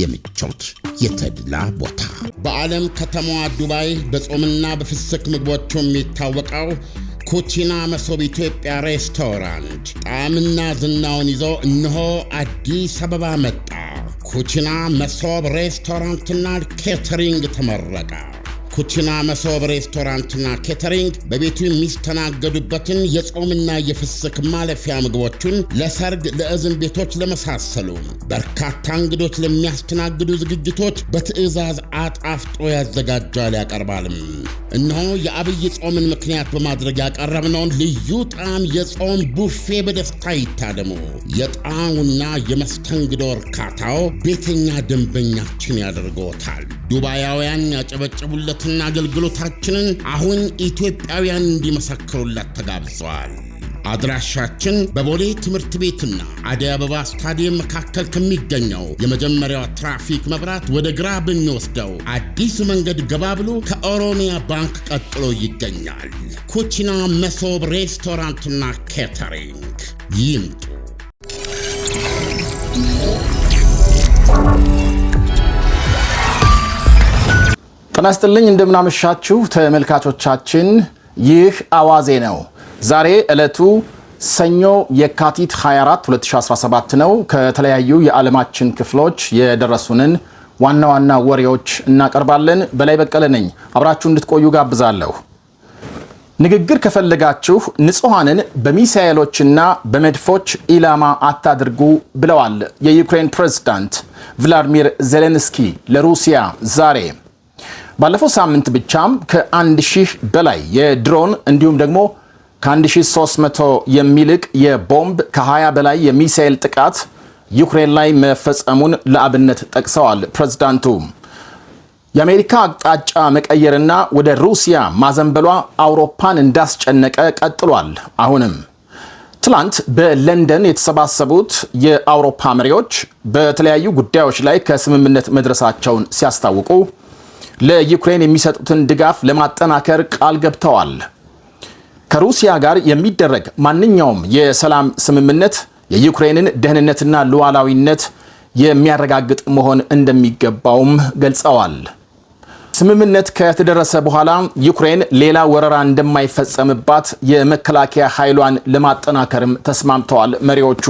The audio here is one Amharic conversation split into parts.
የምቾት የተድላ ቦታ በዓለም ከተማዋ ዱባይ በጾምና በፍስክ ምግቦቹ የሚታወቀው ኩቺና መሶብ ኢትዮጵያ ሬስቶራንት ጣዕምና ዝናውን ይዞ እነሆ አዲስ አበባ መጣ። ኩቺና መሶብ ሬስቶራንትና ኬተሪንግ ተመረቀ። ኩቲና መሶብ ሬስቶራንትና ኬተሪንግ በቤቱ የሚስተናገዱበትን የጾምና የፍስክ ማለፊያ ምግቦችን ለሰርግ፣ ለእዝን ቤቶች ለመሳሰሉ በርካታ እንግዶች ለሚያስተናግዱ ዝግጅቶች በትዕዛዝ አጣፍጦ ያዘጋጃል ያቀርባልም። እነሆ የአብይ ጾምን ምክንያት በማድረግ ያቀረብነውን ልዩ ጣዕም የጾም ቡፌ በደስታ ይታደሙ። የጣዕሙና የመስተንግዶ እርካታው ቤተኛ ደንበኛችን ያደርጎታል። ዱባያውያን ያጨበጨቡለትና አገልግሎታችንን አሁን ኢትዮጵያውያን እንዲመሰክሩለት ተጋብዘዋል። አድራሻችን በቦሌ ትምህርት ቤትና አደይ አበባ ስታዲየም መካከል ከሚገኘው የመጀመሪያው ትራፊክ መብራት ወደ ግራ በሚወስደው አዲስ መንገድ ገባ ብሎ ከኦሮሚያ ባንክ ቀጥሎ ይገኛል። ኩቺና መሶብ ሬስቶራንትና ኬተሪንግ ይምጡ። ጤና ይስጥልኝ እንደምናመሻችሁ ተመልካቾቻችን፣ ይህ አዋዜ ነው። ዛሬ ዕለቱ ሰኞ የካቲት 24 2017 ነው። ከተለያዩ የዓለማችን ክፍሎች የደረሱንን ዋና ዋና ወሬዎች እናቀርባለን። በላይ በቀለ ነኝ። አብራችሁ እንድትቆዩ ጋብዛለሁ። ንግግር ከፈለጋችሁ ንጹሐንን በሚሳኤሎችና በመድፎች ኢላማ አታድርጉ ብለዋል የዩክሬን ፕሬዝዳንት ቭላዲሚር ዜሌንስኪ ለሩሲያ ዛሬ ባለፈው ሳምንት ብቻም ከአንድ ሺህ በላይ የድሮን እንዲሁም ደግሞ ከ1300 የሚልቅ የቦምብ ከ20 በላይ የሚሳኤል ጥቃት ዩክሬን ላይ መፈጸሙን ለአብነት ጠቅሰዋል። ፕሬዝዳንቱ የአሜሪካ አቅጣጫ መቀየርና ወደ ሩሲያ ማዘንበሏ አውሮፓን እንዳስጨነቀ ቀጥሏል። አሁንም ትላንት በለንደን የተሰባሰቡት የአውሮፓ መሪዎች በተለያዩ ጉዳዮች ላይ ከስምምነት መድረሳቸውን ሲያስታውቁ ለዩክሬን የሚሰጡትን ድጋፍ ለማጠናከር ቃል ገብተዋል። ከሩሲያ ጋር የሚደረግ ማንኛውም የሰላም ስምምነት የዩክሬንን ደህንነትና ሉዓላዊነት የሚያረጋግጥ መሆን እንደሚገባውም ገልጸዋል። ስምምነት ከተደረሰ በኋላ ዩክሬን ሌላ ወረራ እንደማይፈጸምባት የመከላከያ ኃይሏን ለማጠናከርም ተስማምተዋል መሪዎቹ።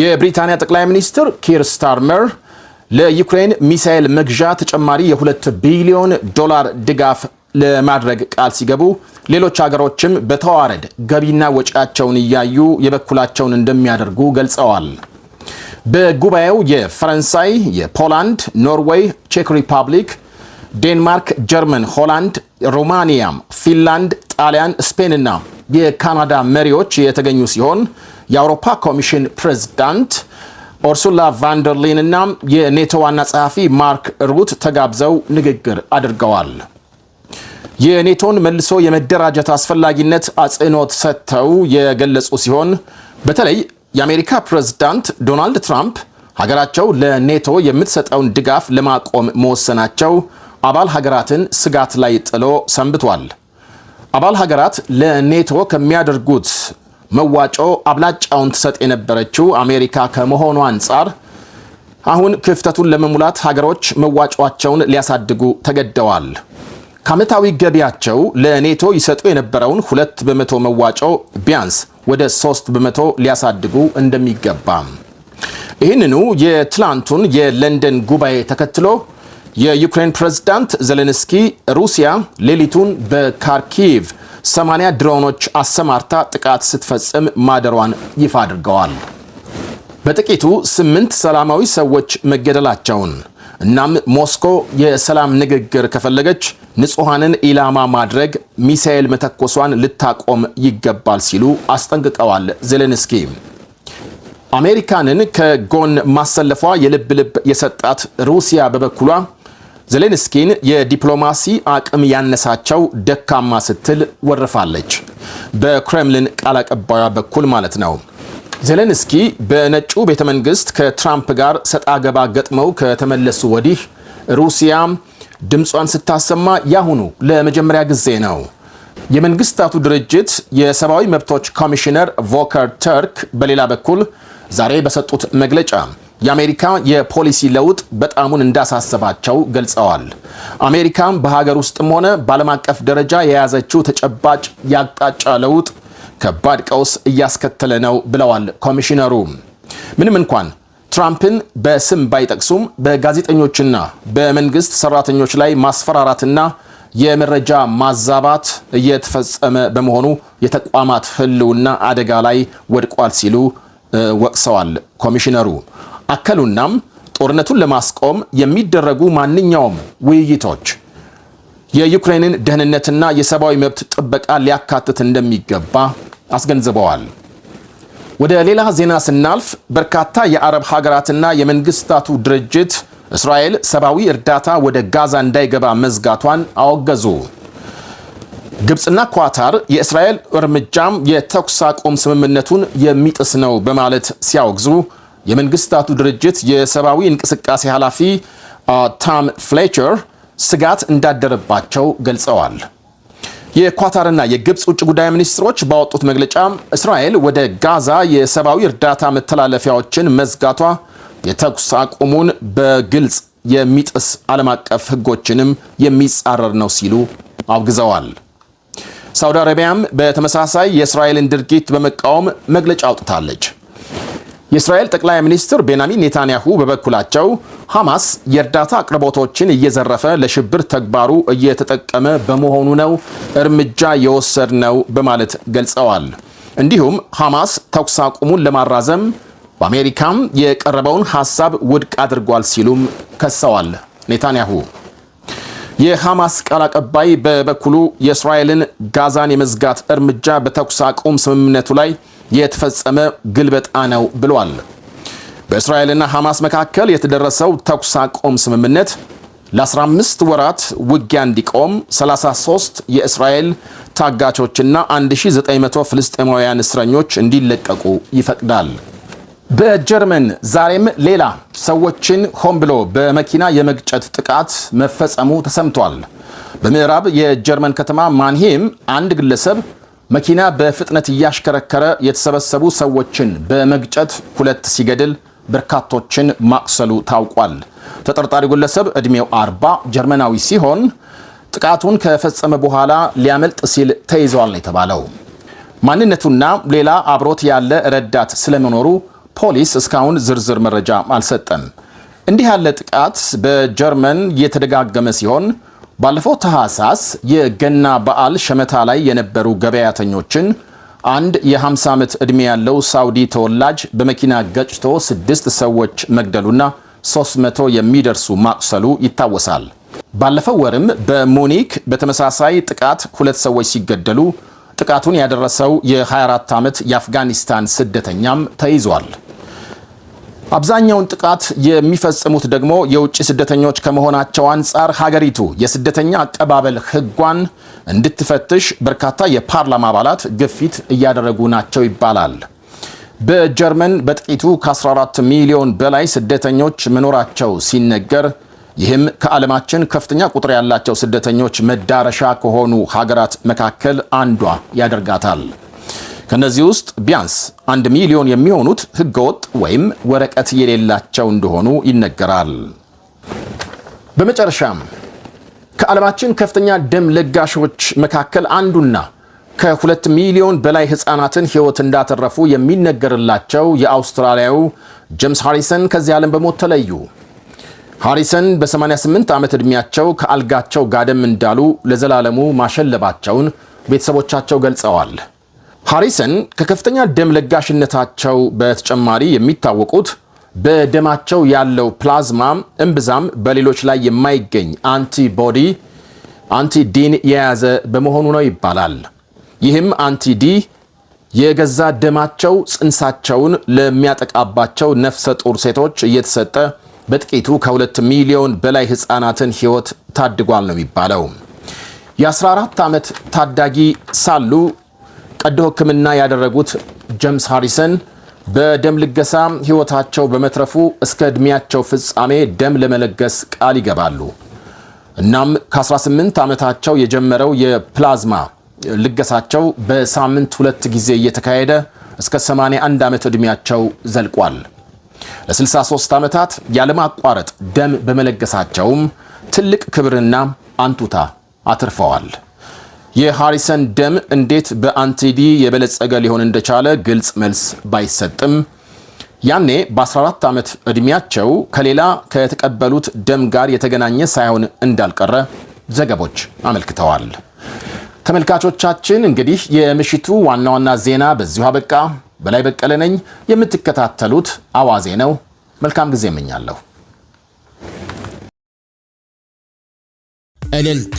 የብሪታንያ ጠቅላይ ሚኒስትር ኪር ስታርመር ለዩክሬን ሚሳኤል መግዣ ተጨማሪ የሁለት ቢሊዮን ዶላር ድጋፍ ለማድረግ ቃል ሲገቡ ሌሎች ሀገሮችም በተዋረድ ገቢና ወጪያቸውን እያዩ የበኩላቸውን እንደሚያደርጉ ገልጸዋል። በጉባኤው የፈረንሳይ፣ የፖላንድ፣ ኖርዌይ፣ ቼክ ሪፐብሊክ፣ ዴንማርክ፣ ጀርመን፣ ሆላንድ፣ ሩማኒያም፣ ፊንላንድ፣ ጣሊያን፣ ስፔንና የካናዳ መሪዎች የተገኙ ሲሆን የአውሮፓ ኮሚሽን ፕሬዝዳንት ኦርሱላ ቫንደርሊን እና የኔቶ ዋና ጸሐፊ ማርክ ሩት ተጋብዘው ንግግር አድርገዋል። የኔቶን መልሶ የመደራጀት አስፈላጊነት አጽንኦት ሰጥተው የገለጹ ሲሆን በተለይ የአሜሪካ ፕሬዝዳንት ዶናልድ ትራምፕ ሀገራቸው ለኔቶ የምትሰጠውን ድጋፍ ለማቆም መወሰናቸው አባል ሀገራትን ስጋት ላይ ጥሎ ሰንብቷል። አባል ሀገራት ለኔቶ ከሚያደርጉት መዋጮ አብላጫውን ትሰጥ የነበረችው አሜሪካ ከመሆኑ አንጻር አሁን ክፍተቱን ለመሙላት ሀገሮች መዋጮቸውን ሊያሳድጉ ተገደዋል። ከዓመታዊ ገቢያቸው ለኔቶ ይሰጡ የነበረውን ሁለት በመቶ መዋጮ ቢያንስ ወደ ሶስት በመቶ ሊያሳድጉ እንደሚገባ ይህንኑ የትላንቱን የለንደን ጉባኤ ተከትሎ የዩክሬን ፕሬዝዳንት ዘሌንስኪ ሩሲያ ሌሊቱን በካርኪቭ ሰማንያ ድሮኖች አሰማርታ ጥቃት ስትፈጽም ማደሯን ይፋ አድርገዋል። በጥቂቱ ስምንት ሰላማዊ ሰዎች መገደላቸውን እናም ሞስኮ የሰላም ንግግር ከፈለገች ንጹሐንን ኢላማ ማድረግ፣ ሚሳኤል መተኮሷን ልታቆም ይገባል ሲሉ አስጠንቅቀዋል ዜሌንስኪ። አሜሪካንን ከጎን ማሰለፏ የልብ ልብ የሰጣት ሩሲያ በበኩሏ ዜሌንስኪን የዲፕሎማሲ አቅም ያነሳቸው ደካማ ስትል ወርፋለች። በክሬምሊን ቃል አቀባዩ በኩል ማለት ነው። ዜሌንስኪ በነጩ ቤተ መንግስት ከትራምፕ ጋር ሰጣ ገባ ገጥመው ከተመለሱ ወዲህ ሩሲያ ድምጿን ስታሰማ ያሁኑ ለመጀመሪያ ጊዜ ነው። የመንግስታቱ ድርጅት የሰብአዊ መብቶች ኮሚሽነር ቮከር ተርክ በሌላ በኩል ዛሬ በሰጡት መግለጫ የአሜሪካ የፖሊሲ ለውጥ በጣሙን እንዳሳሰባቸው ገልጸዋል። አሜሪካም በሀገር ውስጥም ሆነ በዓለም አቀፍ ደረጃ የያዘችው ተጨባጭ የአቅጣጫ ለውጥ ከባድ ቀውስ እያስከተለ ነው ብለዋል ኮሚሽነሩ። ምንም እንኳን ትራምፕን በስም ባይጠቅሱም በጋዜጠኞችና በመንግስት ሰራተኞች ላይ ማስፈራራትና የመረጃ ማዛባት እየተፈጸመ በመሆኑ የተቋማት ህልውና አደጋ ላይ ወድቋል ሲሉ ወቅሰዋል ኮሚሽነሩ። አከሉናም ጦርነቱን ለማስቆም የሚደረጉ ማንኛውም ውይይቶች የዩክሬንን ደህንነትና የሰብአዊ መብት ጥበቃ ሊያካትት እንደሚገባ አስገንዝበዋል። ወደ ሌላ ዜና ስናልፍ በርካታ የአረብ ሀገራትና የመንግስታቱ ድርጅት እስራኤል ሰብአዊ እርዳታ ወደ ጋዛ እንዳይገባ መዝጋቷን አወገዙ። ግብፅና ኳታር የእስራኤል እርምጃም የተኩስ አቁም ስምምነቱን የሚጥስ ነው በማለት ሲያወግዙ የመንግስታቱ ድርጅት የሰብአዊ እንቅስቃሴ ኃላፊ ታም ፍሌቸር ስጋት እንዳደረባቸው ገልጸዋል። የኳታርና የግብፅ ውጭ ጉዳይ ሚኒስትሮች ባወጡት መግለጫ እስራኤል ወደ ጋዛ የሰብአዊ እርዳታ መተላለፊያዎችን መዝጋቷ የተኩስ አቁሙን በግልጽ የሚጥስ ዓለም አቀፍ ሕጎችንም የሚጻረር ነው ሲሉ አውግዘዋል። ሳውዲ አረቢያም በተመሳሳይ የእስራኤልን ድርጊት በመቃወም መግለጫ አውጥታለች። የእስራኤል ጠቅላይ ሚኒስትር ቤንያሚን ኔታንያሁ በበኩላቸው ሐማስ የእርዳታ አቅርቦቶችን እየዘረፈ ለሽብር ተግባሩ እየተጠቀመ በመሆኑ ነው እርምጃ ነው በማለት ገልጸዋል። እንዲሁም ሐማስ ተኩስ አቁሙን ለማራዘም በአሜሪካም የቀረበውን ሐሳብ ውድቅ አድርጓል ሲሉም ከሰዋል ኔታንያሁ። የሐማስ ቃል አቀባይ በበኩሉ የእስራኤልን ጋዛን የመዝጋት እርምጃ በተኩስ አቁም ስምምነቱ ላይ የተፈጸመ ግልበጣ ነው ብሏል። በእስራኤልና ሐማስ መካከል የተደረሰው ተኩስ አቆም ስምምነት ለ15 ወራት ውጊያ እንዲቆም 33 የእስራኤል ታጋቾችና 1900 ፍልስጤማውያን እስረኞች እንዲለቀቁ ይፈቅዳል። በጀርመን ዛሬም ሌላ ሰዎችን ሆን ብሎ በመኪና የመግጨት ጥቃት መፈጸሙ ተሰምቷል። በምዕራብ የጀርመን ከተማ ማንሄም አንድ ግለሰብ መኪና በፍጥነት እያሽከረከረ የተሰበሰቡ ሰዎችን በመግጨት ሁለት ሲገድል በርካቶችን ማቁሰሉ ታውቋል። ተጠርጣሪ ግለሰብ ዕድሜው አርባ ጀርመናዊ ሲሆን ጥቃቱን ከፈጸመ በኋላ ሊያመልጥ ሲል ተይዘዋል ነው የተባለው። ማንነቱና ሌላ አብሮት ያለ ረዳት ስለመኖሩ ፖሊስ እስካሁን ዝርዝር መረጃ አልሰጠም። እንዲህ ያለ ጥቃት በጀርመን እየተደጋገመ ሲሆን ባለፈው ታህሳስ የገና በዓል ሸመታ ላይ የነበሩ ገበያተኞችን አንድ የ50 ዓመት ዕድሜ ያለው ሳውዲ ተወላጅ በመኪና ገጭቶ ስድስት ሰዎች መግደሉና 300 የሚደርሱ ማቁሰሉ ይታወሳል። ባለፈው ወርም በሙኒክ በተመሳሳይ ጥቃት ሁለት ሰዎች ሲገደሉ ጥቃቱን ያደረሰው የ24 ዓመት የአፍጋኒስታን ስደተኛም ተይዟል። አብዛኛውን ጥቃት የሚፈጽሙት ደግሞ የውጭ ስደተኞች ከመሆናቸው አንጻር ሀገሪቱ የስደተኛ አቀባበል ሕጓን እንድትፈትሽ በርካታ የፓርላማ አባላት ግፊት እያደረጉ ናቸው ይባላል። በጀርመን በጥቂቱ ከ14 ሚሊዮን በላይ ስደተኞች መኖራቸው ሲነገር ይህም ከዓለማችን ከፍተኛ ቁጥር ያላቸው ስደተኞች መዳረሻ ከሆኑ ሀገራት መካከል አንዷ ያደርጋታል። ከነዚህ ውስጥ ቢያንስ አንድ ሚሊዮን የሚሆኑት ህገወጥ ወይም ወረቀት የሌላቸው እንደሆኑ ይነገራል። በመጨረሻም ከዓለማችን ከፍተኛ ደም ለጋሾች መካከል አንዱና ከሁለት ሚሊዮን በላይ ህፃናትን ህይወት እንዳተረፉ የሚነገርላቸው የአውስትራሊያው ጄምስ ሃሪሰን ከዚህ ዓለም በሞት ተለዩ። ሃሪሰን በ88 ዓመት ዕድሜያቸው ከአልጋቸው ጋደም እንዳሉ ለዘላለሙ ማሸለባቸውን ቤተሰቦቻቸው ገልጸዋል። ሃሪሰን ከከፍተኛ ደም ለጋሽነታቸው በተጨማሪ የሚታወቁት በደማቸው ያለው ፕላዝማ እምብዛም በሌሎች ላይ የማይገኝ አንቲቦዲ አንቲ የያዘ በመሆኑ ነው ይባላል። ይህም አንቲ ዲ የገዛ ደማቸው ጽንሳቸውን ለሚያጠቃባቸው ነፍሰ ጡር ሴቶች እየተሰጠ በጥቂቱ ከሁለት ሚሊዮን በላይ ህፃናትን ህይወት ታድጓል ነው የሚባለው። የ14 ዓመት ታዳጊ ሳሉ ቀዶ ሕክምና ያደረጉት ጀምስ ሃሪሰን በደም ልገሳ ሕይወታቸው በመትረፉ እስከ ዕድሜያቸው ፍጻሜ ደም ለመለገስ ቃል ይገባሉ። እናም ከ18 ዓመታቸው የጀመረው የፕላዝማ ልገሳቸው በሳምንት ሁለት ጊዜ እየተካሄደ እስከ 81 ዓመት ዕድሜያቸው ዘልቋል። ለ63 ዓመታት ያለማቋረጥ ደም በመለገሳቸውም ትልቅ ክብርና አንቱታ አትርፈዋል። የሃሪሰን ደም እንዴት በአንቲዲ የበለጸገ ሊሆን እንደቻለ ግልጽ መልስ ባይሰጥም ያኔ በ14 ዓመት ዕድሜያቸው ከሌላ ከተቀበሉት ደም ጋር የተገናኘ ሳይሆን እንዳልቀረ ዘገቦች አመልክተዋል። ተመልካቾቻችን እንግዲህ የምሽቱ ዋና ዋና ዜና በዚሁ አበቃ። በላይ በቀለ ነኝ። የምትከታተሉት አዋዜ ነው። መልካም ጊዜ እመኛለሁ። እልልታ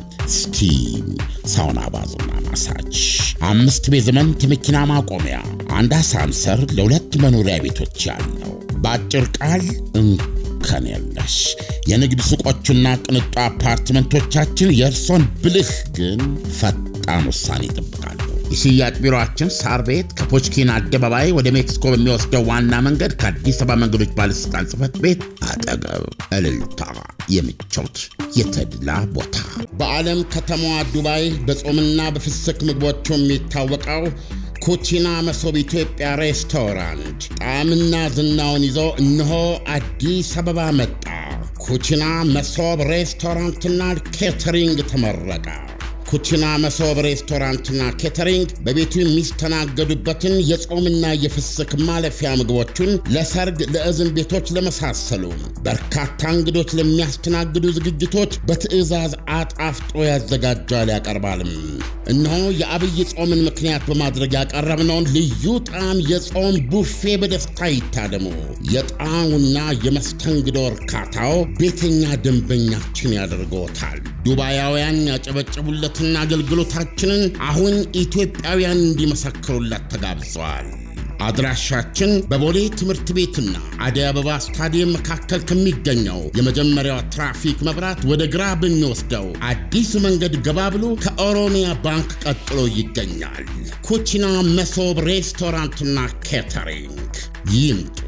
ስቲም፣ ሳውና፣ ባዞና ማሳጅ፣ አምስት ቤዝመንት መኪና ማቆሚያ፣ አንድ አሳንሰር ለሁለት መኖሪያ ቤቶች ያለው በአጭር ቃል እንከን የለሽ የንግድ ሱቆቹና ቅንጡ አፓርትመንቶቻችን የእርሶን ብልህ ግን ፈጣን ውሳኔ ይጠብቃል። የሽያጭ ቢሮችን ሳር ቤት ከፖችኪን አደባባይ ወደ ሜክሲኮ በሚወስደው ዋና መንገድ ከአዲስ አበባ መንገዶች ባለሥልጣን ጽፈት ቤት አጠገብ እልልታ የምቾት የተድላ ቦታ በዓለም ከተማዋ ዱባይ በጾምና በፍስክ ምግቦቹ የሚታወቀው ኩቺና መሶብ ኢትዮጵያ ሬስቶራንት ጣዕምና ዝናውን ይዞ እነሆ አዲስ አበባ መጣ። ኩቺና መሶብ ሬስቶራንትና ኬተሪንግ ተመረቀ። ኩችና መሶብ ሬስቶራንትና ኬተሪንግ በቤቱ የሚስተናገዱበትን የጾምና የፍስክ ማለፊያ ምግቦችን ለሰርግ፣ ለእዝን ቤቶች ለመሳሰሉ በርካታ እንግዶች ለሚያስተናግዱ ዝግጅቶች በትዕዛዝ አጣፍጦ ያዘጋጃል ያቀርባልም። እነሆ የአብይ ጾምን ምክንያት በማድረግ ያቀረብነውን ልዩ ጣዕም የጾም ቡፌ በደስታ ይታደሙ። የጣዕሙና የመስተንግዶ እርካታው ቤተኛ ደንበኛችን ያደርጎታል። ዱባያውያን ያጨበጨቡለት ጥረትና አገልግሎታችንን አሁን ኢትዮጵያውያን እንዲመሰክሩለት ተጋብዘዋል። አድራሻችን በቦሌ ትምህርት ቤትና አደይ አበባ ስታዲየም መካከል ከሚገኘው የመጀመሪያው ትራፊክ መብራት ወደ ግራ በሚወስደው አዲስ መንገድ ገባ ብሎ ከኦሮሚያ ባንክ ቀጥሎ ይገኛል። ኩቺና መሶብ ሬስቶራንትና ኬተሪንግ ይምጡ።